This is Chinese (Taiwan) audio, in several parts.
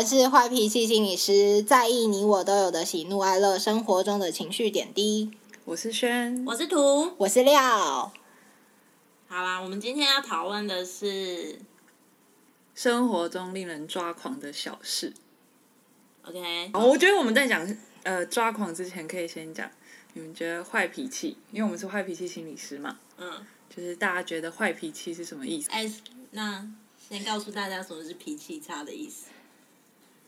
我是壞脾氣心理師，在意你我都有的喜怒哀樂，生活中的情緒點滴。我是軒，我是圖，我是廖。好啦，我們今天要討論的是生活中令人抓狂的小事。OK，哦，我覺得我們在講呃抓狂之前，可以先講你們覺得壞脾氣，因為我們是壞脾氣心理師嘛。嗯，就是大家覺得壞脾氣是什麼意思？哎、欸，那先告訴大家什麼是脾氣差的意思。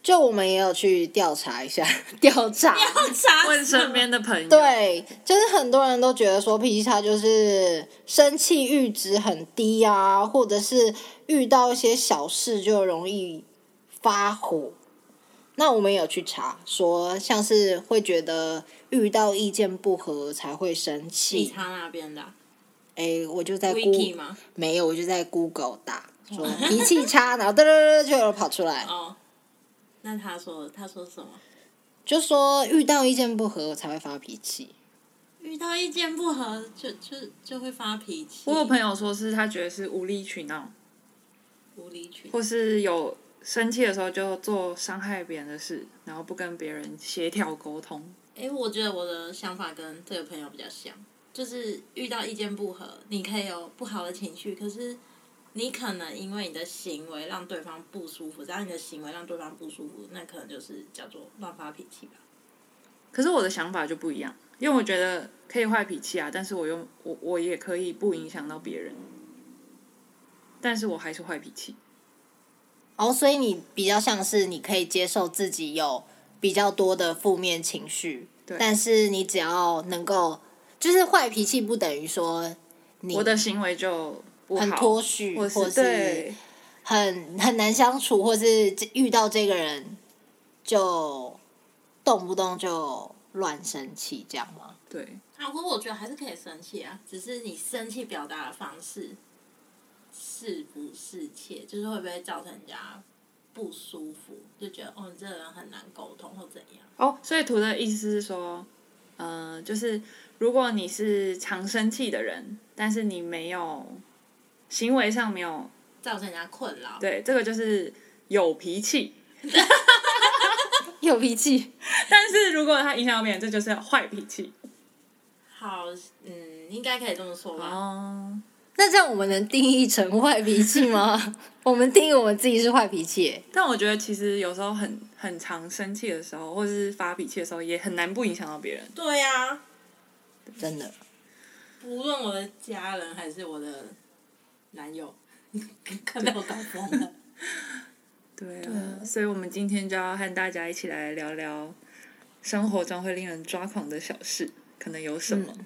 就我們也有去調查一下，調查調查，問身邊的朋友，對，就是很多人都覺得說脾氣差就是生氣閾值很低啊，或者是遇到一些小事就容易發火。那我們也有去查說，像是會覺得遇到意見不合才會生氣。差那邊的，哎，我就在 g 嗎沒有，我就在 Google 打說脾氣差， 然後噔噔噔就跑出來。Oh. 那他說，他說什麼？就說遇到意見不合才會發脾氣。遇到意見不合就就就會發脾氣。我有朋友說是他覺得是無理取鬧，無理取鬧，或是有生氣的時候就做傷害別人的事，然後不跟別人協調溝通。哎、欸，我覺得我的想法跟這個朋友比較像，就是遇到意見不合，你可以有不好的情緒，可是。你可能因為你的行為讓對方不舒服，只要你的行為讓對方不舒服，那可能就是叫做亂發脾氣吧。可是我的想法就不一樣，因為我覺得可以壞脾氣啊，但是我用我我也可以不影響到別人，但是我還是壞脾氣。哦，所以你比較像是你可以接受自己有比較多的負面情緒，對但是你只要能夠，就是壞脾氣不等於說你我的行為就。很脫序，好或是對很很難相處，或是遇到這個人就動不動就亂生氣，這樣嗎？對。啊，不過我覺得還是可以生氣啊，只是你生氣表達的方式適不適切，就是會不會造成人家不舒服，就覺得哦，你這個人很難溝通或怎樣？哦，所以圖的意思是說，呃，就是如果你是常生氣的人，但是你沒有。行為上沒有造成人家困擾，對，這個就是有脾氣， 有脾氣。但是如果它影響到別人，這就是壞脾氣。好，嗯，應該可以這麼說吧？哦，那這樣我們能定義成壞脾氣嗎？ 我們定義我們自己是壞脾氣。但我覺得其實有時候很很常生氣的時候，或者是發脾氣的時候，也很難不影響到別人。對呀、啊，真的。無論我的家人還是我的。男友，看到我打瘋了對。 對啊，對所以，我們今天就要和大家一起來聊聊生活中會令人抓狂的小事，可能有什麼？嗯、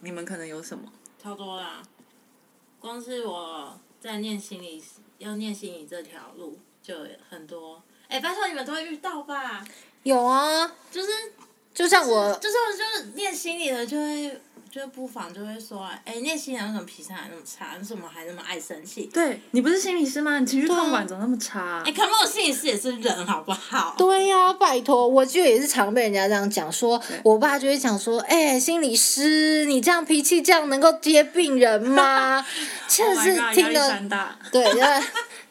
你們可能有什麼？超多啦！光是我在念心理，要念心理這條路就很多。哎、欸，拜託，你們都會遇到吧？有啊，就是就像我，就是我，就是念心理的就會。就不妨就會說，哎、欸，那心理怎麼脾氣還那麼差？你怎麼還那麼愛生氣？對，你不是心理師嗎？你情緒管理怎麼那麼差、啊？哎，come on，心理師也是人，好不好？對呀、啊，拜託，我就也是常被人家這樣講，說對我爸就會講說，哎、欸，心理師你這樣脾氣這樣，能夠接病人嗎？就 是聽到，oh、God, 對，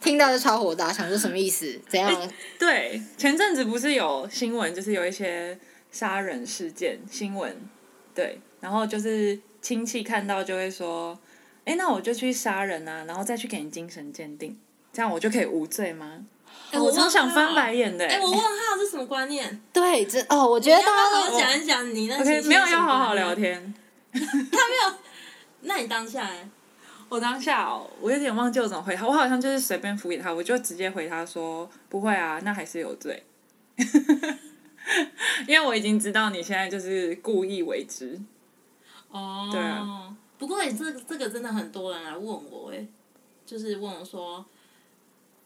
聽到就超火大，想說什麼意思？怎樣？欸、對，前陣子不是有新聞，就是有一些殺人事件新聞，對。然後就是親戚看到就會說：“哎，那我就去殺人啊，然後再去給你精神鑑定，這樣我就可以無罪嗎？”哎，我超想翻白眼的誒。哎，我問他誒這什麼觀念？對，這哦，我覺得大家都講一講你那是。Okay, 沒有要好好聊天， 他沒有。那你當下、欸？我當下哦，我有點忘記我怎麼回他。我好像就是隨便敷衍他，我就直接回他說：“不會啊，那還是有罪。 ”因為我已經知道你現在就是故意為之。哦，oh, 對啊。不過哎、欸，這個、這個真的很多人來問我哎、欸，就是問我說，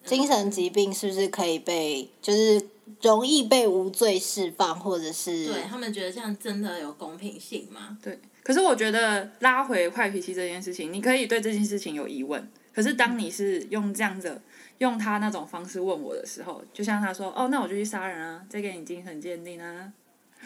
精神疾病是不是可以被，就是容易被無罪釋放，或者是，對他們覺得這樣真的有公平性嗎？對。可是我覺得拉回壞脾氣這件事情，你可以對這件事情有疑問。可是當你是用這樣子，用他那種方式問我的時候，就像他說：“哦，那我就去殺人啊，再給你精神鑑定啊。”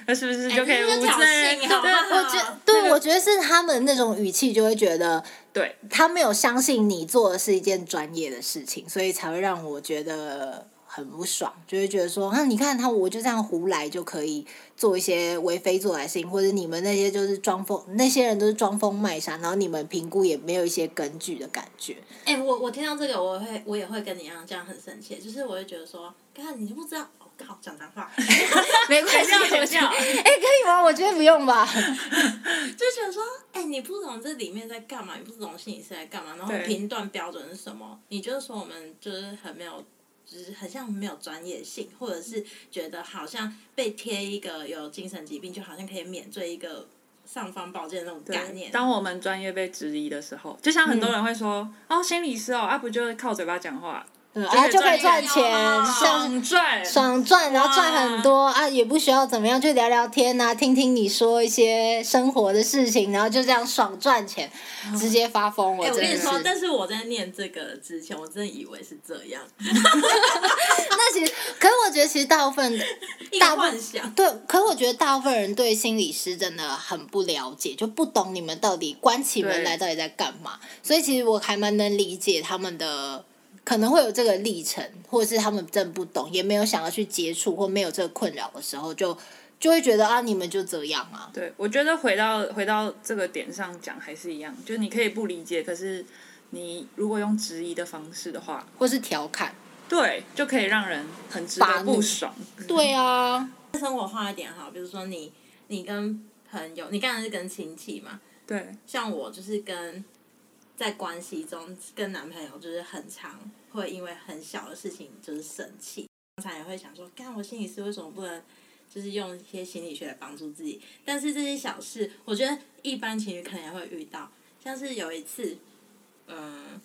那是不是就可以無視、欸？對，我覺，對，我覺得是他們那種語氣，就會覺得對他沒有相信你做的是一件專業的事情，所以才會讓我覺得，很不爽，就會覺得說那、啊、你看他，我就這樣胡來就可以做一些為非作歹的事情，或者你們那些就是裝瘋，那些人都是裝瘋賣傻，然後你們評估也沒有一些根據的感覺。哎、欸，我我聽到這個，我會我也會跟你一樣，這樣很生氣，就是我會覺得說，啊，你就不知道，哦、剛好好講髒話， 沒關係，哎，可以嗎？我覺得不用吧， 就覺得說，哎、欸，你不懂這裡面在幹嘛，你不懂心理學在幹嘛，然後評斷標準是什麼？對你就是說我們就是很沒有。就是很像沒有專業性，或者是覺得好像被貼一個有精神疾病，就好像可以免罪一個尚方寶劍的那種概念。當我們專業被質疑的時候，就像很多人會說：“嗯、哦，心理師哦，阿、啊、不就是靠嘴巴講話？”然後就可以賺錢，爽賺，爽賺，然後賺很多啊！也不需要怎麼樣，就聊聊天吶、啊，聽聽你說一些生活的事情，然後就這樣爽賺錢，嗯、直接發瘋我，、欸、我跟你說，但是我在念這個之前，我真的以為是這樣。 那其實，可是我覺得其實大部分大部分幻想，對，可我覺得大部分人對心理師真的很不了解，就不懂你們到底關起門來到底在幹嘛。對所以其實我還蠻能理解他們的。可能會有這個歷程，或者是他們真不懂，也沒有想要去接觸，或沒有這個困擾的時候，就就會覺得啊，你們就這樣啊。對，我覺得回到回到這個點上講還是一樣，就是你可以不理解，可是你如果用質疑的方式的話，或是調侃，對，就可以讓人很值得不爽。對啊，生活化一點哈，比如說你你跟朋友，你剛才是跟親戚嘛。對，像我就是跟。在關係中跟男朋友就是很常會因為很小的事情就是生氣，常常也會想說，幹我心理師為什麼不能，就是用一些心理學來幫助自己？但是這些小事，我覺得一般情侶可能也會遇到。像是有一次，嗯，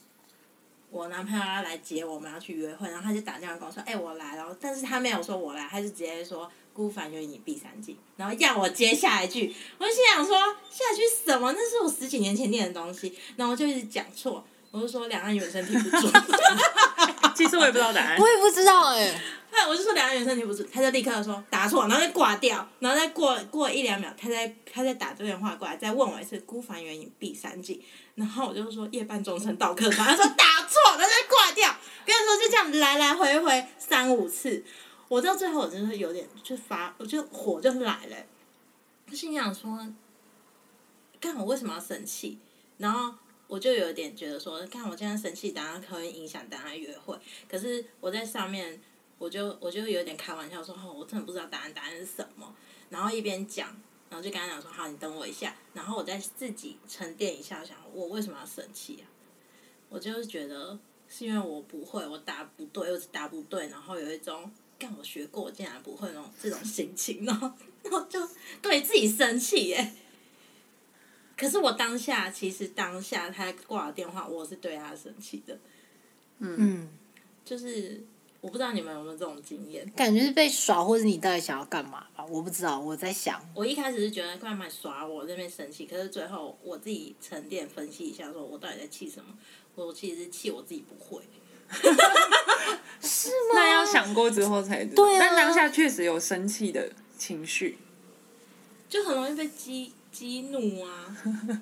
我男朋友要來接我，我們要去約會，然後他就打電話跟我說：“哎、欸，我來了。”，但是他沒有說我來，他就直接說。孤帆遠影碧山近。然後要我接下一句，我就心想說，下一句什麼？那是我十幾年前念的東西，然後我就一直講錯，我就說，兩岸猿聲啼不住。 其實我也不知道答案我，我也不知道哎、欸。那我、欸、我就說兩岸猿聲啼不住，他就立刻說打錯，然後就掛掉，然後再過過一兩秒，他再他再打這邊電話過來，再問我一次孤帆遠影碧山盡，然後我就說夜半鐘聲到客船，他說打錯，然後就掛掉。跟你說就這樣來來回回三五次。我到最後，我真的有點就發，我就火就來了，欸。就是你想說，看我為什麼要生氣？然後我就有點覺得說，看我現在生氣，答案可可以影響大家約會。可是我在上面，我就我就有點開玩笑說：“哈、哦，我真的不知道答案，答案是什麼？”然後一邊講，然後就跟他講說：“好，你等我一下。”然後我再自己沉澱一下，想我為什麼要生氣，啊，我就是覺得是因為我不會，我答不對，我答不對，然後有一種。幹我學過，我竟然不會弄這種心情，然後，然後就對自己生氣耶。可是我當下，其實當下他掛了電話，我是對他生氣的。嗯，嗯，就是我不知道你們有沒有這種經驗，感覺是被耍，或者你到底想要幹嘛吧？我不知道，我在想。我一開始是覺得快蠻耍我，這邊生氣。可是最後我自己沉澱分析一下，說我到底在氣什麼？我其實氣我自己不會。過之後才知道，對啊、但當下確實有生氣的情緒，就很容易被激激怒啊！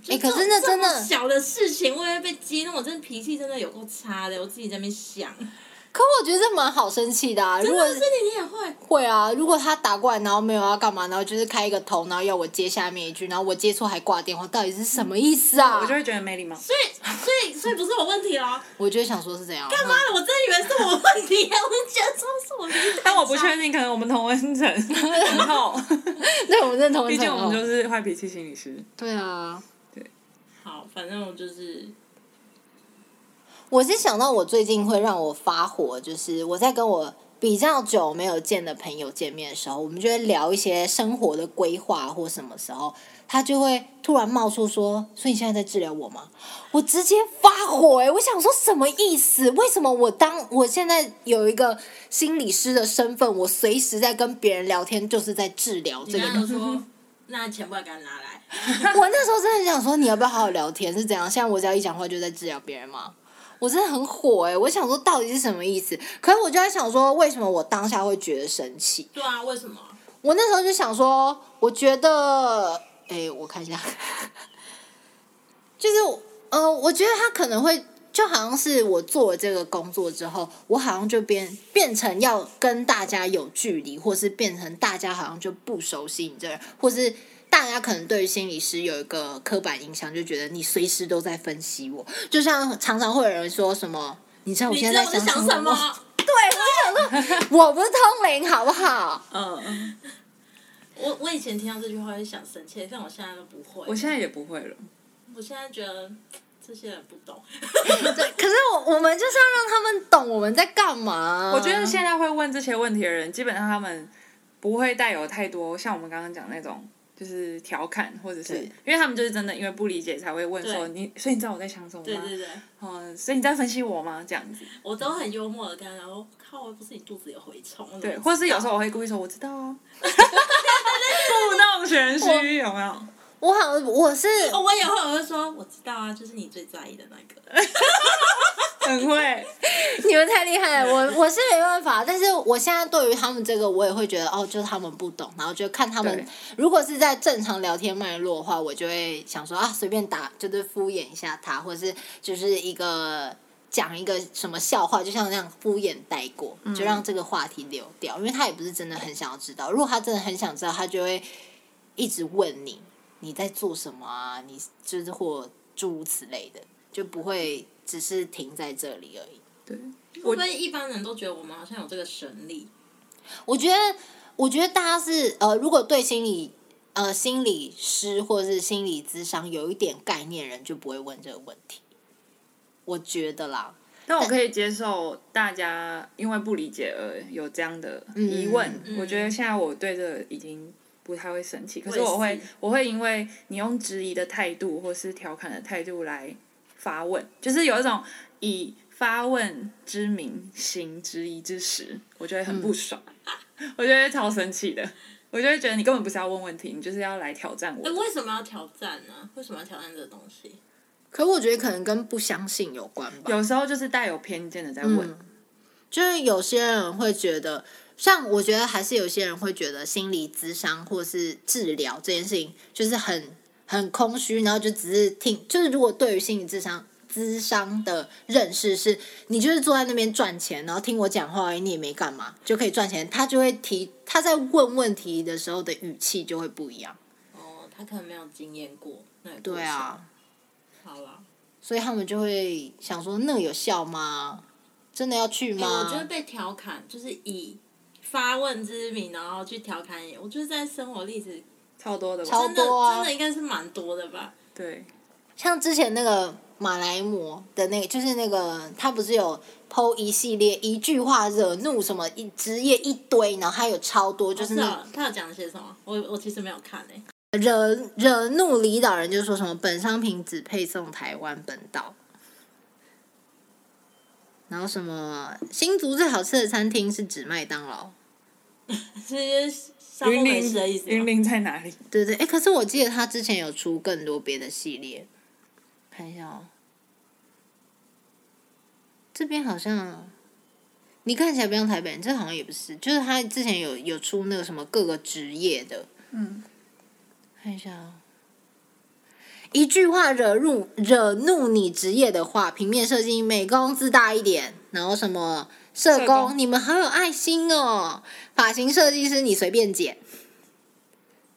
哎 做、欸，可是那真的小的事情我也的會會被激怒，我真的脾氣真的有夠差的，我自己在那邊想。可我覺得這蠻好生氣的啊！如果是你，果你也會會啊？如果他打過來，然後沒有要幹嘛，然後就是開一個頭，然後要我接下面一句，然後我接錯還掛電話，到底是什麼意思啊？嗯、我就會覺得沒禮貌所。所以所以所以不是我問題了 我就會想說是怎樣？幹嘛？我真的以為是我問題啊，我居然說是我問但我不確定，可能我們同溫層然後那 我們認同。畢竟我們就是壞脾氣心理師。對啊，對。好，反正我就是。我是想到我最近會讓我發火，就是我在跟我比較久沒有見的朋友見面的時候，我們就會聊一些生活的規劃或什麼時候，他就會突然冒出說：“所以你現在在治療我嗎？”我直接發火、欸，哎，我想說什麼意思？為什麼我當我現在有一個心理師的身份，我隨時在跟別人聊天，就是在治療這個？說那錢不要給他拿來。 我那時候真的想說，你要不要好好聊天是怎樣？現在我只要一講話就在治療別人嗎？我真的很火哎、欸！我想說，到底是什麼意思？可是我就在想說，為什麼我當下會覺得生氣？對啊，為什麼？我那時候就想說，我覺得，哎、欸，我看一下， 就是，呃，我覺得他可能會就好像是我做了這個工作之後，我好像就變變成要跟大家有距離，或是變成大家好像就不熟悉你這人，或是。大家可能對於心理師有一個刻板印象，就覺得你隨時都在分析我，就像常常會有人說什麼，你知道我現在在想什麼？什麼 對，我想說我不是通靈，好不好？嗯嗯、uh。我我以前聽到這句話會想生氣，但我現在都不會，我現在也不會了。我現在覺得這些人不懂。 對，可是我我們就是要讓他們懂我們在幹嘛。我覺得現在會問這些問題的人，基本上他們不會帶有太多像我們剛剛講那種。就是調侃，或者是對因為他們就是真的因為不理解才會問說對你，所以你知道我在想什麼嗎？對對對，哦、嗯，所以你在分析我嗎？這樣子，我都很幽默的跟他說：“靠、啊，不是你肚子有蛔蟲。”對，或者是有時候我會故意說：“我知道啊。 對對對”故弄玄虛有沒有？我好，我是我也會，我會說：“我知道啊，就是你最在意的那個。” 很會，你們太厲害了。我我是沒辦法， 但是我現在對於他們這個，我也會覺得哦，就是他們不懂，然後就看他們。對如果是在正常聊天脈絡的話，我就會想說啊，隨便打就是敷衍一下他，或者是就是一個講一個什麼笑話，就像那樣敷衍帶過，就讓這個話題流掉，嗯，因為他也不是真的很想要知道。如果他真的很想知道，他就會一直問你，你在做什麼啊，你就是或諸如此類的，就不會。只是停在這裡而已。對，我們一般人都覺得我們好像有這個神力。我覺得，我覺得大家是呃，如果對心理呃心理師或者是心理諮商有一點概念，人就不會問這個問題。我覺得啦，那我可以接受大家因為不理解而有這樣的疑問。嗯，我覺得現在我對這個已經不太會生氣，可是我會我也是，我會因為你用質疑的態度或是調侃的態度來。發問就是有一種以發問之名行質疑之實。我覺得很不爽，嗯、我覺得超神奇的，我就會覺得你根本不是要問問題，你就是要來挑戰我。哎，為什麼要挑戰呢？啊，為什麼要挑戰這個東西？可我覺得可能跟不相信有關吧。有時候就是帶有偏見的在問，嗯、就是有些人會覺得，像我覺得還是有些人會覺得心理諮商或是治療這件事情就是很。很空虛，然後就只是聽，就是如果對於心理諮商、諮商的認識是，你就是坐在那邊賺錢，然後聽我講話，你也沒幹嘛就可以賺錢，他就會提，他在問問題的時候的語氣就會不一樣。哦，他可能沒有經驗過。那個、對啊，好了啦，所以他們就會想說，那有效嗎？真的要去嗎？欸、我覺得被調侃就是以發問之名，然後去調侃你。我就是在生活例子。超多的，超多啊。真的應該是蠻多的吧？對，像之前那個馬來魔的那個，就是那個他不是有 PO 一系列一句話惹怒什麼一職業一堆，然後還有超多，就是那個，哦，是啊，他有講些什麼？我我其實沒有看呢，欸。惹惹怒離島人就說什麼本商品只配送台灣本島，然後什麼新竹最好吃的餐廳是指麥當勞， 雲林雲林在哪裡？對,對對，哎、欸，可是我記得他之前有出更多別的系列，看一下哦、喔。這邊好像你看起來不像台北，這好像也不是，就是他之前有有出那個什麼各個職業的。嗯，看一下哦、喔。一句話惹入惹怒你職業的話，平面設計美工,字大一點，然後什麼社工，社工你們好有愛心哦、喔。髮型設計師，你隨便剪。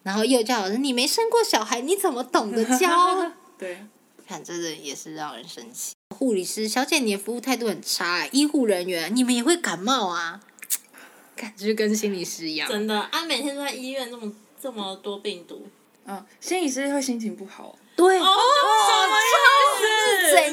然後幼教老師，你沒生過小孩，你怎麼懂得教？ 對，反正也是讓人生氣。護理師小姐，你的服務態度很差。醫護人員，你們也會感冒啊？感覺、就是、跟心理師一樣，真的。啊，每天都在醫院，這麼這麼多病毒。啊，心理師會心情不好、哦。對哦，什麼呀？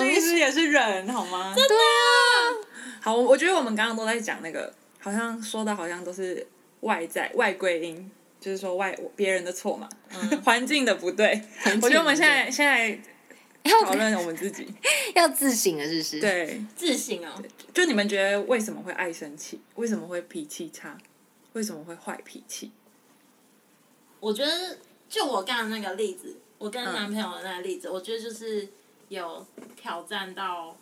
是怎樣？其實也是人，好嗎？真的啊。對啊。好，我覺得我們剛剛都在講那個。好像說的好像都是外在外歸因，就是說外別人的錯嘛，嗯、環境的不對。我覺得我們現在對現在討論我們自己，要自省了，是不是？對，自省哦。就你們覺得為什麼會愛生氣？為什麼會脾氣差？為什麼會壞脾氣？我覺得，就我剛才那個例子，我跟男朋友的那個例子，嗯、我覺得就是有挑戰到。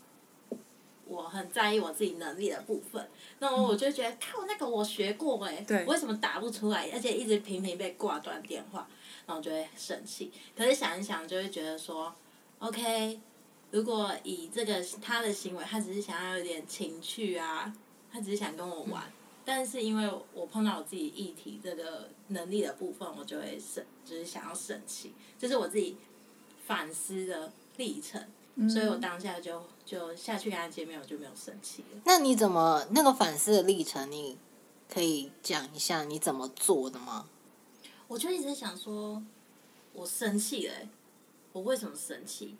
我很在意我自己能力的部分，那麼我就覺得，靠、嗯、那個我學過哎，對為什麼打不出來，而且一直頻頻被掛斷電話，然後就會生氣。可是想一想，就會覺得說，OK，如果以這個他的行為，他只是想要有點情趣啊，他只是想跟我玩，嗯、但是因為我碰到我自己議題這個能力的部分，我就會生，就是想要生氣，這、就是我自己反思的。歷程，所以我當下就就下去跟他見面，我就沒有生氣了。那你怎麼那個反思的歷程，你可以講一下你怎麼做的嗎？我就一直在想說，說我生氣了、欸，我為什麼生氣？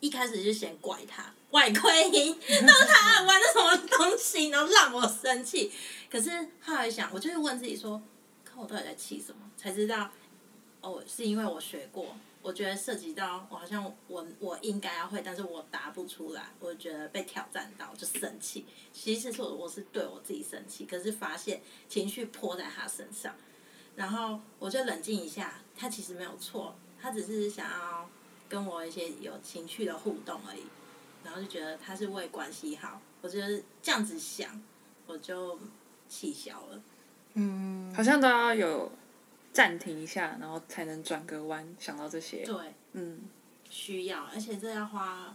一開始就先怪他外擴音，然後 他玩的什麼東西，然後讓我生氣。可是後來想，我就問自己說，看我到底在氣什麼？才知道哦，是因為我學過。我覺得涉及到我好像我我應該要會，但是我答不出來，我覺得被挑戰到就生氣。其實是我我是對我自己生氣，可是發現情緒潑在他身上，然後我就冷靜一下，他其實沒有錯，他只是想要跟我一些有情緒的互動而已，然後就覺得他是為關係好，我覺得這樣子想，我就氣消了。嗯，好像大家、啊、有。暫停一下，然後才能轉個彎，想到這些。對，嗯，需要，而且這要花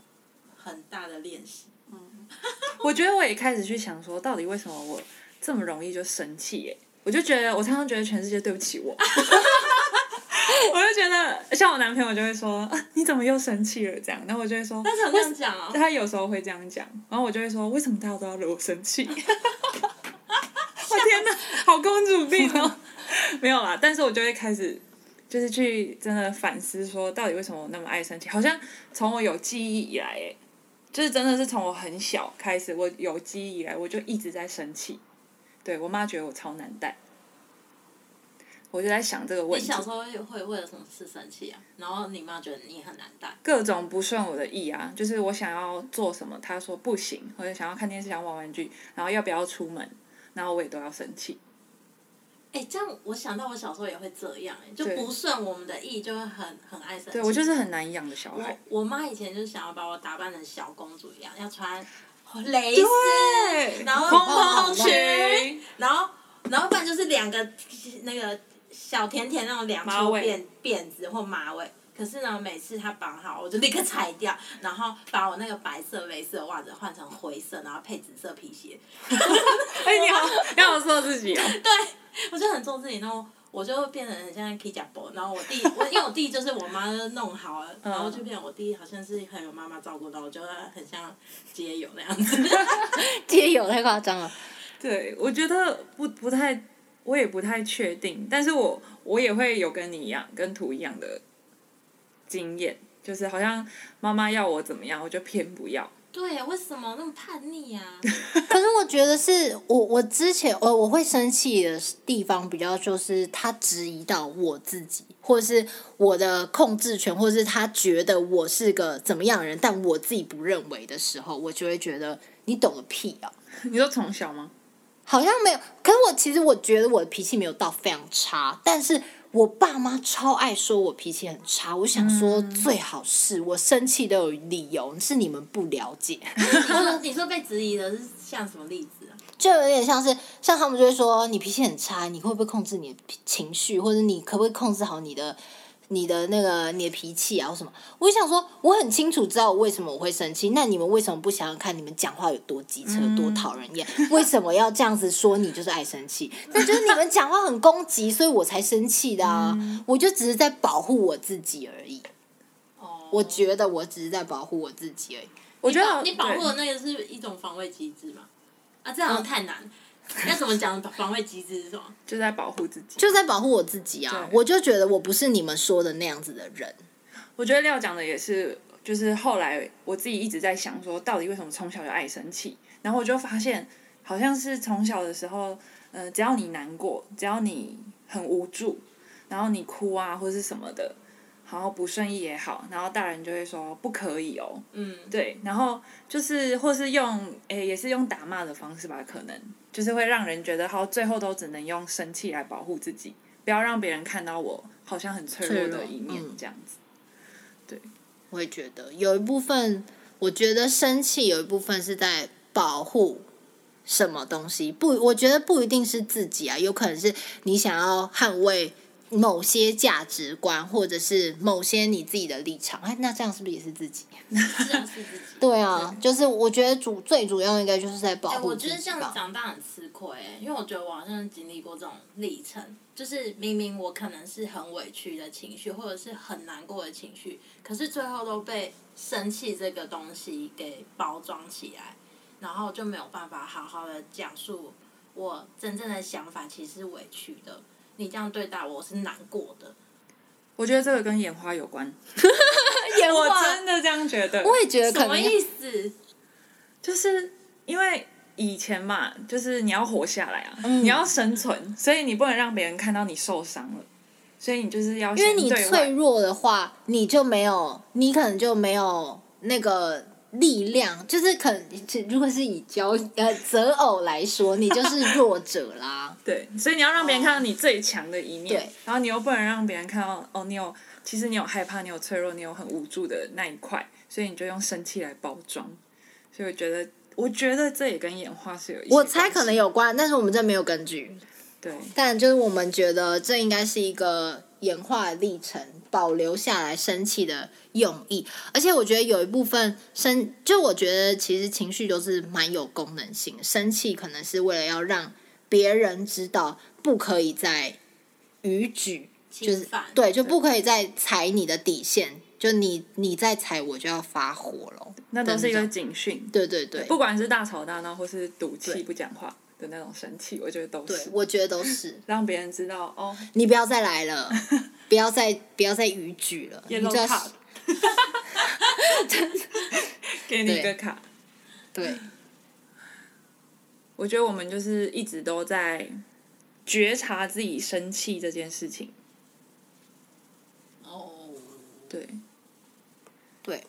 很大的練習。嗯， 我覺得我也開始去想說，說到底為什麼我這麼容易就生氣？耶？我就覺得我常常覺得全世界對不起我。 我就覺得像我男朋友就會說啊，你怎麼又生氣了？這樣，然後我就會說，那怎麼這樣講啊。他有時候會這樣講，然後我就會說，為什麼大家都要惹我生氣？我 像天哪，好公主病哦！沒有啦，但是我就會開始，就是去真的反思，說到底為什麼我那麼愛生氣？好像從我有記憶以來誒，就是真的是從我很小開始，我有記憶以來，我就一直在生氣。對，我媽覺得我超難帶，我就在想這個問題。你小時候會為了什麼事生氣啊？然後你媽覺得你很難帶？各種不順我的意啊，就是我想要做什麼，她說不行。或者想要看電視，想要玩玩具，然後要不要出門，然後我也都要生氣。哎、欸，這樣，我想到我小時候也會這樣，欸，就不順我們的意對就會很很愛生氣。對我就是很難養的小孩。我媽以前就是想要把我打扮成小公主一樣，要穿蕾絲，對然後蓬蓬裙，然後然後不然就是兩個那個小甜甜那種兩撮辮辮子或馬尾。可是呢，每次他綁好，我就立刻拆掉，然後把我那個白色蕾絲襪子換成灰色，然後配紫色皮鞋。哎、 欸、你好讓我做自己啊！對，我就很做自己，然後我就變成很像 KJABO。然後我弟， 因為我弟就是我媽弄好了，然後就變成我弟，好像是很有媽媽照顧到，我覺得很像街友那樣子。 街友太誇張了。對，我覺得不不太，我也不太確定，但是我我也會有跟你一樣，跟圖一樣的。經驗就是好像媽媽要我怎麼樣，我就偏不要。對，為什麼那麼叛逆呀？ 可是我覺得是我，我之前我我會生氣的地方比較就是他質疑到我自己，或者是我的控制權，或是他覺得我是個怎麼樣的人，但我自己不認為的時候，我就會覺得你懂個屁啊！你從小嗎？好像沒有。可是我其實我覺得我的脾氣沒有到非常差，但是。我爸媽超愛說我脾氣很差，我想說最好是，嗯，我生氣都有理由，是你們不了解。 你說，你說被質疑的是像什麼例子啊？就有點像是像他們就會說你脾氣很差，你會不會控制你的情緒，或者你可不可以控制好你的？你的那個你的脾氣啊，或什麼，我就想說，我很清楚知道為什麼我會生氣。那你們為什麼不想想看，你們講話有多機車，多討人厭？嗯、為什麼要這樣子說？你就是愛生氣，那 就是你們講話很攻擊，所以我才生氣的啊！嗯、我就只是在保護我自己而已。哦，我覺得我只是在保護我自己而已。保我覺得你保護的那個是一種防衛機制嘛？啊，這樣太難。嗯那 怎麼講？防衛機制是什麼？就在保護自己，就在保護我自己啊！對 我就覺得我不是你們說的那樣子的人。我覺得廖講的也是，就是後來我自己一直在想，說到底為什麼從小就愛生氣？然後我就發現，好像是從小的時候，嗯，只要你難過，只要你很無助，然後你哭啊，或者是什麼的。然後不順意也好，然後大人就會說不可以哦。嗯，對，然後就是或是用誒、欸，也是用打罵的方式吧，可能就是會讓人覺得，好，最後都只能用生氣來保護自己，不要讓別人看到我好像很脆弱的一面這樣子。嗯、對，我也覺得有一部分，我覺得生氣有一部分是在保護什麼東西，不，我覺得不一定是自己啊，有可能是你想要捍衛。某些價值觀，或者是某些你自己的立場，哎，那這樣是不是也是自己？是自己 對啊，對就是我覺得主最主要應該就是在保護自己吧、欸、我覺得這樣長大很吃虧、欸，因為我覺得我好像經歷過這種歷程，就是明明我可能是很委屈的情緒，或者是很難過的情緒，可是最後都被生氣這個東西給包裝起來，然後就沒有辦法好好的講述我真正的想法，其實是委屈的。你這樣對待我是難過的，我覺得這個跟演化有關， 演化 我真的這樣覺得，我也覺得可能什麼意思？就是因為以前嘛，就是你要活下來啊，嗯、你要生存，所以你不能讓別人看到你受傷了，所以你就是要，因為你脆弱的話，你就沒有，你可能就沒有那個。力量，就是可，如果是以交呃、擇偶來說，你就是弱者啦。 對，所以你要讓別人看到你最強的一面，哦、對，然後你又不能讓別人看到哦，你有其實你有害怕，你有脆弱，你有很無助的那一塊，所以你就用生氣來包裝。所以我覺得，我覺得這也跟演化是有一些，一，我猜可能有關，但是我們這沒有根據。對，但就是我們覺得這應該是一個演化的歷程，保留下來生氣的用意，而且我覺得有一部分生，就我覺得其實情緒都是蠻有功能性。生氣可能是為了要讓別人知道，不可以再逾矩，氛就是氛對，就不可以再踩你的底線。就你你再踩，我就要發火了。那都是一個警訊。對對對，對，不管是大吵大鬧，或是賭氣不講話，的那種生氣，我覺得都是。我覺得都是讓別人知道哦，你不要再來了， 不要再不要再逾矩了，Yellow card 給你一個卡。對。對我覺得我們就是一直都在覺察自己生氣這件事情。哦。Oh. 對。對。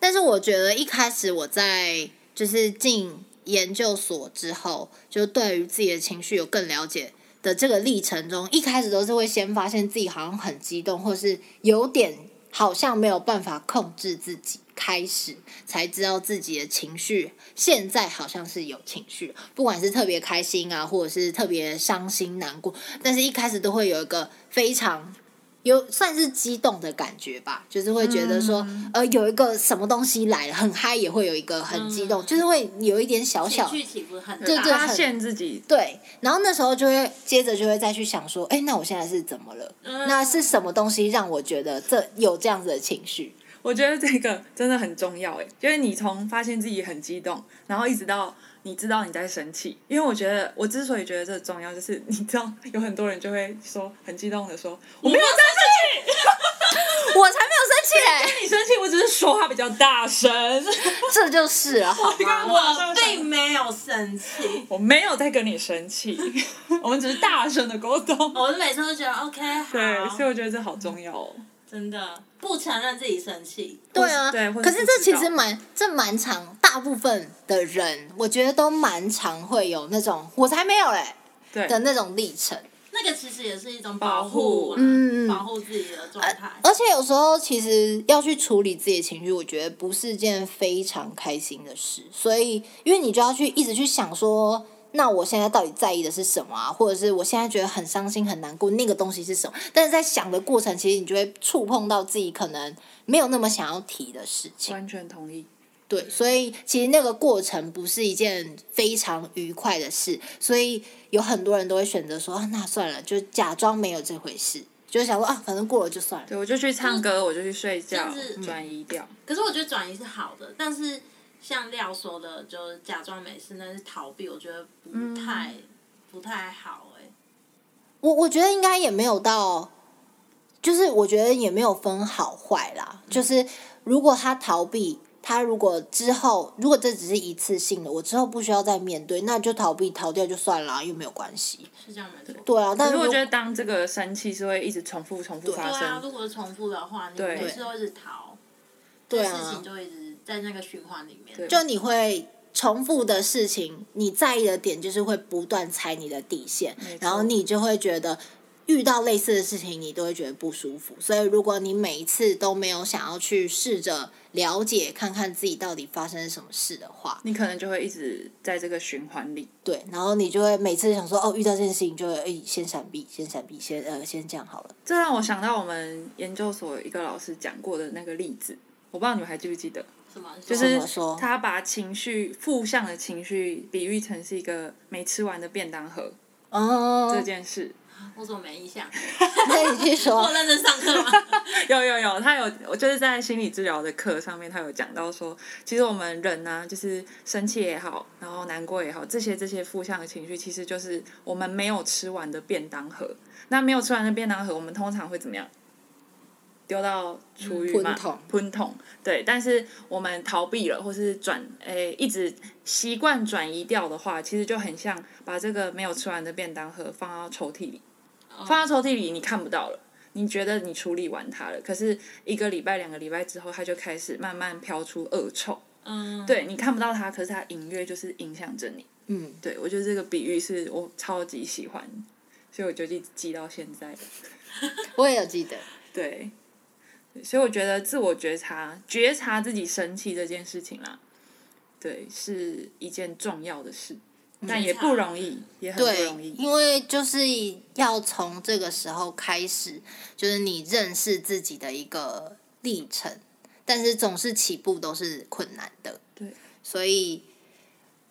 但是我覺得一開始我在就是進。研究所之後，就對於自己的情緒有更了解的這個歷程中，一開始都是會先發現自己好像很激動，或是有點好像沒有辦法控制自己，開始才知道自己的情緒，現在好像是有情緒，不管是特別開心啊，或者是特別傷心難過，但是一開始都會有一個非常，有算是激動的感覺吧，就是會覺得說，嗯、呃，有一個什麼東西來了，很嗨，也會有一個很激動，嗯、就是會有一點小小的，很就是發現自己對。然後那時候就會接着就會再去想說，哎、欸，那我現在是怎麼了？嗯、那是什麼東西讓我覺得這有這樣子的情緒？我覺得這個真的很重要、欸，哎，因為你從發現自己很激動，然後一直到。你知道你在生氣，因為我覺得我之所以覺得這重要，就是你知道有很多人就會說很激動的說我沒有在生氣， 我才沒有生氣，欸，不跟你生氣，我只是說話比較大聲，這就是啊，oh，my 我並沒有生氣，我沒有在跟你生氣， 我們只是大聲的溝通，oh, 我是每次都覺得 OK，對，所以我覺得這好重要哦。真的不承認自己生氣，對啊，對。是可是這其實蠻，這蠻常，大部分的人我覺得都蠻常會有那種我才沒有嘞、欸，對的那種歷程。那個其實也是一種保護，保護，嗯，保護自己的狀態。而且有時候其實要去處理自己的情緒，我覺得不是件非常開心的事。所以，因為你就要去一直去想說。那我現在到底在意的是什麼啊？或者是我現在覺得很傷心很難過，那個東西是什麼？但是在想的過程，其實你就會觸碰到自己可能沒有那麼想要提的事情。完全同意。對，所以其實那個過程不是一件非常愉快的事，所以有很多人都會選擇說，那算了，就假裝沒有這回事，就想說啊，反正過了就算了。對，我就去唱歌，嗯、我就去睡覺，轉移掉，嗯。可是我覺得轉移是好的，但是。像廖說的，就是假裝沒事，那是逃避，我覺得不太、嗯、不太好、欸。哎，我我覺得應該也沒有到，就是我覺得也沒有分好壞啦。嗯、就是如果他逃避，他如果之後，如果這只是一次性的，我之後不需要再面對，那就逃避逃掉就算了啦，又沒有關係。是這樣沒錯，對啊，但是如果是我覺得當這個生氣是會一直重複重複發生。對啊，如果是重複的話，你每次都一直逃，對，對啊。在那個循環裡面，對就你會重複的事情，你在意的點就是會不斷踩你的底線，個然後你就會覺得遇到類似的事情，你都會覺得不舒服。所以，如果你每一次都沒有想要去試着了解，看看自己到底發生什麼事的話，你可能就會一直在這個循環裡。對，然後你就會每次想說，哦，遇到這件事情，就會誒、哎，先閃避，先閃避，先呃，先這樣好了。這讓我想到我們研究所一個老師講過的那個例子，我不知道你們還記不記得？就是他把情緒負向的情緒比喻成是一個沒吃完的便當盒。哦，哦，哦哦、這件事，我說沒印象。那你去說。我認真上課嗎？有有有，他有，我就是在心理治療的課上面，他有講到說，其實我們人呢、啊，就是生氣也好，然後難過也好，這些這些負向的情緒，其實就是我們沒有吃完的便當盒。那沒有吃完的便當盒，我們通常會怎麼樣？丟到廚餘嘛、嗯、桶，噴桶，對。但是我們逃避了，或是轉，誒，一直習慣轉移掉的話，其實就很像把這個沒有吃完的便當盒放到抽屜裡，哦、放到抽屜裡，你看不到了，你覺得你處理完它了，可是一個禮拜、兩個禮拜之後，它就開始慢慢飄出惡臭。嗯，對，你看不到它，可是它隱約就是影響着你。嗯，對，我覺得這個比喻是我超級喜歡，所以我就一直記，記到現在了。 我也有記得，對。所以我覺得自我覺察、覺察自己生氣這件事情啦，對，是一件重要的事，但也不容易，也很不容易，因為就是要從這個時候開始，就是你認識自己的一個歷程，嗯、但是總是起步都是困難的，對，所以，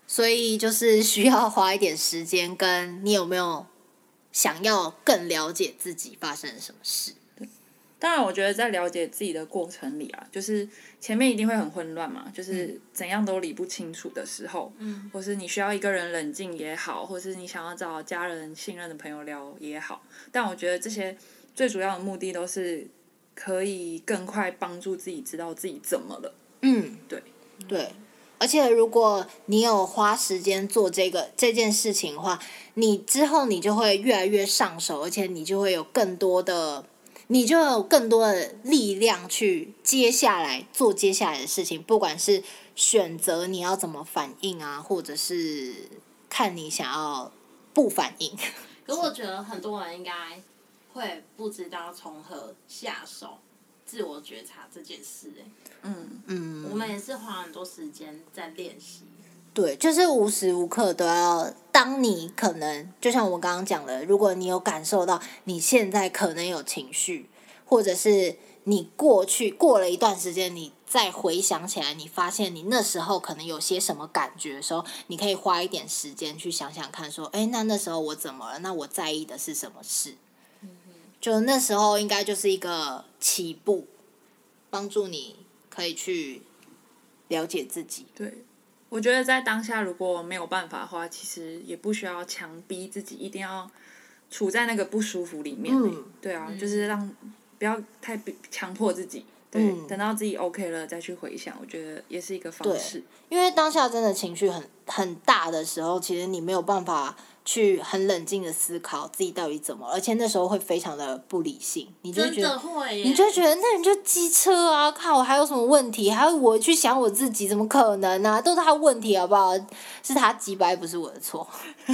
所以就是需要花一點時間，跟你有沒有想要更了解自己發生什麼事。當然，我覺得在了解自己的過程裡啊，就是前面一定會很混亂嘛，就是怎樣都理不清楚的時候，嗯，或是你需要一個人冷靜也好，或是你想要找家人、信任的朋友聊也好。但我覺得這些最主要的目的都是可以更快幫助自己知道自己怎麼了。嗯，對對。而且如果你有花時間做這個這件事情的話，你之後你就會越來越上手，而且你就會有更多的。你就有更多的力量去接下來做接下來的事情，不管是選擇你要怎麼反應啊，或者是看你想要不反應。可我覺得很多人應該會不知道從何下手，自我覺察這件事欸。嗯，嗯嗯，我們也是花很多時間在練習。對，就是無時無刻都要。當你可能就像我剛剛講的，如果你有感受到你現在可能有情緒，或者是你過去過了一段時間，你再回想起來，你發現你那時候可能有些什麼感覺的時候，你可以花一點時間去想想看，說，哎，那那時候我怎麼了？那我在意的是什麼事？就那時候應該就是一個起步，幫助你可以去了解自己。對。我覺得在當下，如果沒有辦法的話，其實也不需要強逼自己一定要處在那個不舒服裡面。嗯，對啊，嗯，就是讓不要太強迫自己，對，嗯，等到自己 OK 了再去回想，我覺得也是一個方式。對，因為當下真的情緒很很大的時候，其實你沒有辦法。去很冷靜的思考自己到底怎麼，而且那時候會非常的不理性，你就會覺得，會你就會覺得那你就機車啊，靠，我還有什麼問題？還有我去想我自己怎麼可能呢、啊？都是他問題好不好？是他機掰，不是我的錯。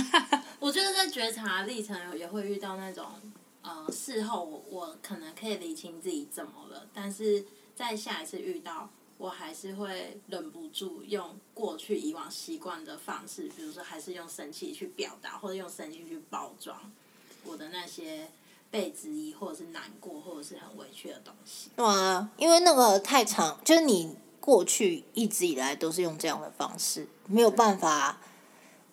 我覺得在覺察歷程也會遇到那種，呃、事後我，我可能可以理清自己怎麼了，但是在下一次遇到。我還是會忍不住用過去以往習慣的方式，比如說還是用生氣去表達，或者用生氣去包裝我的那些被質疑或者是難過或者是很委屈的東西。對啊，因為那個太長，就是你過去一直以來都是用這樣的方式，沒有辦法。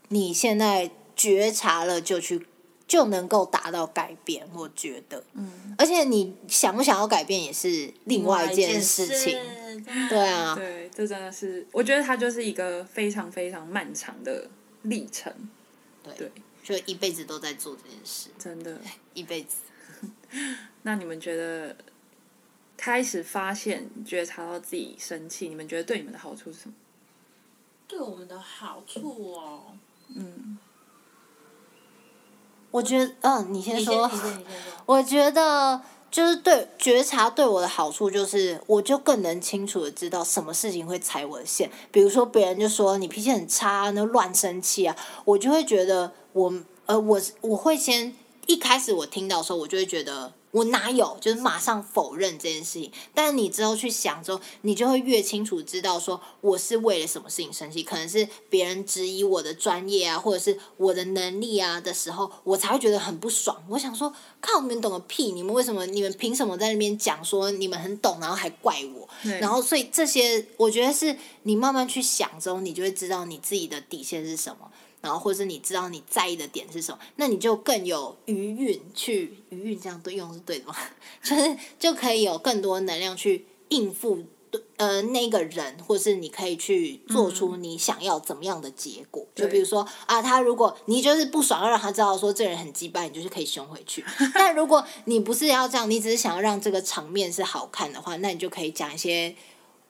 你現在覺察了，就去。就能夠達到改變，我覺得，嗯，而且你想不想要改變也是另外一件事情，事，對啊，對，這真的是，我覺得它就是一個非常非常漫長的歷程，對，對就一輩子都在做這件事，真的，一輩子。 那你們覺得開始發現覺察到自己生氣，你們覺得對你們的好處是什麼？對我們的好處哦，嗯。我覺得，嗯、呃，你先說。你先，你先說。我覺得就是對覺察對我的好處，就是我就更能清楚的知道什麼事情會踩我的線。比如說別人就說你脾氣很差啊，那個亂生氣啊，我就會覺得我呃，我我會先一開始我聽到的時候，我就會覺得。我哪有，就是馬上否認這件事情。但你之後去想之後，你就會越清楚知道說我是為了什麼事情生氣，可能是別人質疑我的專業啊，或者是我的能力啊的時候，我才會覺得很不爽。我想說，靠你們懂個屁！你們為什麼？你們憑什麼在那邊講說你們很懂，然後還怪我？對然後所以這些，我覺得是你慢慢去想之後，你就會知道你自己的底線是什麼。然後，或是你知道你在意的點是什麼，那你就更有餘裕去，餘裕這樣對用是對的嗎？就是就可以有更多能量去應付對呃那個人，或是你可以去做出你想要怎麼樣的結果。嗯、就比如說對啊，他如果你就是不爽，要讓他知道說這個人很機掰，你就是可以凶回去。但如果你不是要這樣，你只是想要讓這個場面是好看的話，那你就可以講一些。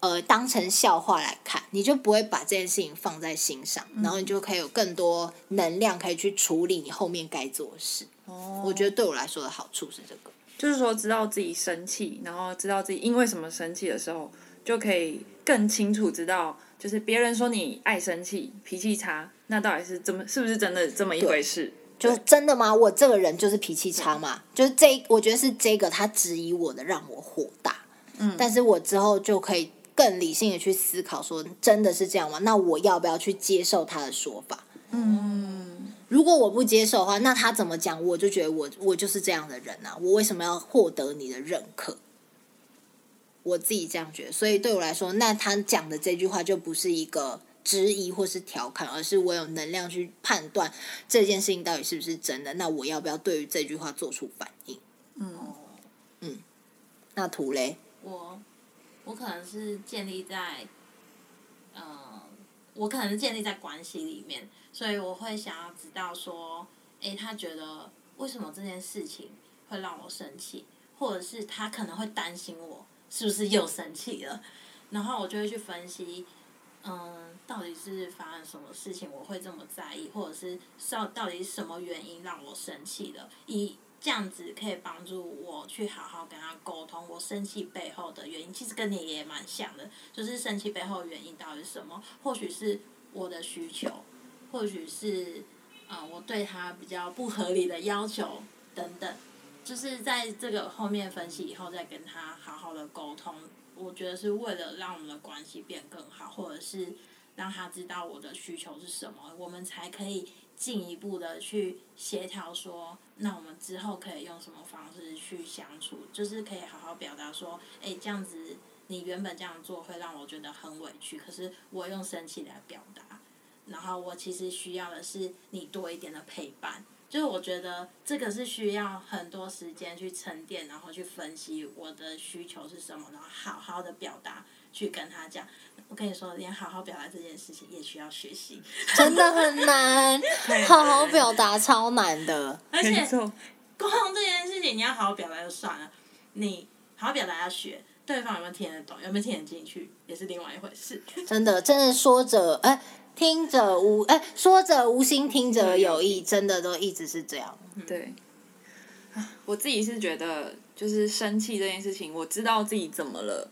呃，當成笑話來看，你就不會把這件事情放在心上，嗯、然後你就可以有更多能量可以去處理你後面該做的事。哦，我覺得對我來說的好處是這個，就是說知道自己生氣，然後知道自己因為什麼生氣的時候，就可以更清楚知道，嗯、就是別人說你愛生氣、脾氣差，那到底是怎麼，是不是真的這麼一回事？對就，就真的嗎？我這個人就是脾氣差嘛？嗯、就是這，我覺得是這個他質疑我的，讓我火大。嗯，但是我之後就可以。更理性的去思考，說真的是這樣嗎？那我要不要去接受他的說法？嗯，如果我不接受的話，那他怎麼講我就覺得我我就是這樣的人啊！我為什麼要獲得你的認可？我自己這樣覺得。所以對我來說，那他講的這句話就不是一個質疑或是調侃，而是我有能量去判斷這件事情到底是不是真的。那我要不要對於這句話做出反應？嗯，嗯，那圖嘞？我。我可能是建立在，嗯，我可能是建立在關係裡面，所以我會想要知道說，哎、欸，他覺得為什麼這件事情會讓我生氣，或者是他可能會擔心我是不是又生氣了，然後我就會去分析，嗯，到底是，是發生什麼事情我會這麼在意，或者是到到底是什麼原因讓我生氣的？一這樣子可以幫助我去好好跟他溝通，我生氣背後的原因，其實跟你也蠻像的，就是生氣背後的原因到底是什麼？或許是我的需求，或許是啊、呃、我對他比較不合理的要求等等，就是在這個後面分析以後，再跟他好好的溝通，我覺得是為了讓我們的關係變更好，或者是讓他知道我的需求是什麼，我們才可以。進一步的去協調，說，那我們之後可以用什麼方式去相處？就是可以好好表達說，哎、欸，這樣子你原本這樣做會讓我覺得很委屈，可是我用生氣來表達，然後我其實需要的是你多一點的陪伴。就是我覺得這個是需要很多時間去沉澱，然後去分析我的需求是什麼，然後好好的表達。去跟他講，我跟你說，連好好表達這件事情也需要學習，真的很難， 對好好表達超難的。而且沒錯。溝通這件事情，你要好好表達就算了，你好好表達要學，對方有沒有聽得懂，有沒有聽得進去，也是另外一回事。真的，真的說者哎，聽者無哎，說者無心，聽者有意，真的都一直是這樣。嗯、對。唉，我自己是覺得，就是生氣這件事情，我知道自己怎麼了。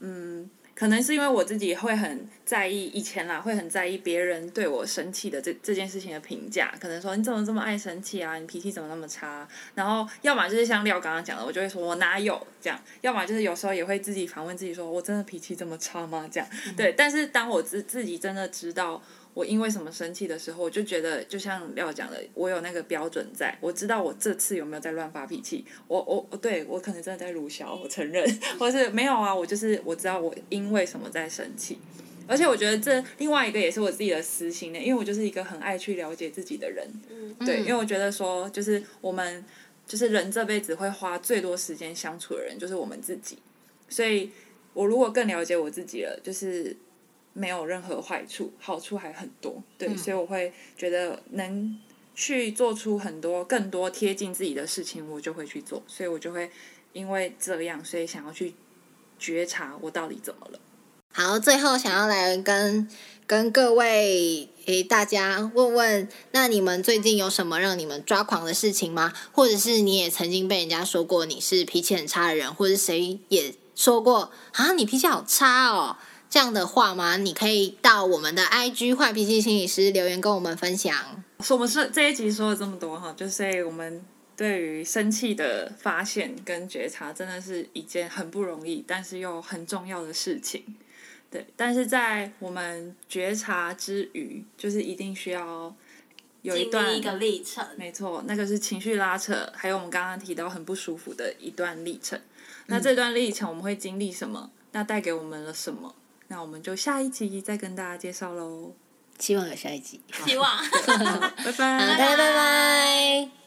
嗯，可能是因為我自己會很在意以前啦，會很在意別人對我生氣的這這件事情的評價。可能說你怎麼這麼愛生氣啊？你脾氣怎麼那麼差啊？然後要麼就是像廖剛剛講的，我就會說我哪有這樣；要麼就是有時候也會自己反問自己，說我真的脾氣這麼差嗎？這樣、嗯、對。但是當我自自己真的知道。我因為什麼生氣的時候，我就覺得就像廖講的，我有那個標準在，在我知道我這次有沒有在亂發脾氣。我我對我可能真的在魯小，我承認，或者是沒有啊，我就是我知道我因為什麼在生氣，而且我覺得這另外一個也是我自己的私心呢，因為我就是一個很愛去了解自己的人，對，因為我覺得說就是我們就是人這輩子會花最多時間相處的人就是我們自己，所以我如果更了解我自己了，就是。沒有任何壞處，好處還很多。對，嗯，所以我會覺得能去做出很多更多貼近自己的事情，我就會去做。所以我就會因為這樣，所以想要去覺察我到底怎麼了。好，最後想要來跟跟各位誒大家問問，那你們最近有什麼讓你們抓狂的事情嗎？或者是你也曾經被人家說過你是脾氣很差的人，或者誰也說過啊，你脾氣好差哦。這樣的話嗎？你可以到我們的 IG 壞脾氣心理師留言跟我們分享。我們是這一集說了這麼多哈，就是我們對於生氣的發現跟覺察，真的是一件很不容易，但是又很重要的事情。對，但是在我們覺察之餘，就是一定需要有一段一個歷程。沒錯，那個是情緒拉扯，還有我們剛剛提到很不舒服的一段歷程。那這段歷程我們會經歷什麼？那帶給我們了什麼？那我們就下一期再跟大家介紹嘍，期望有下一期，oh, 希望，拜拜，拜拜拜拜。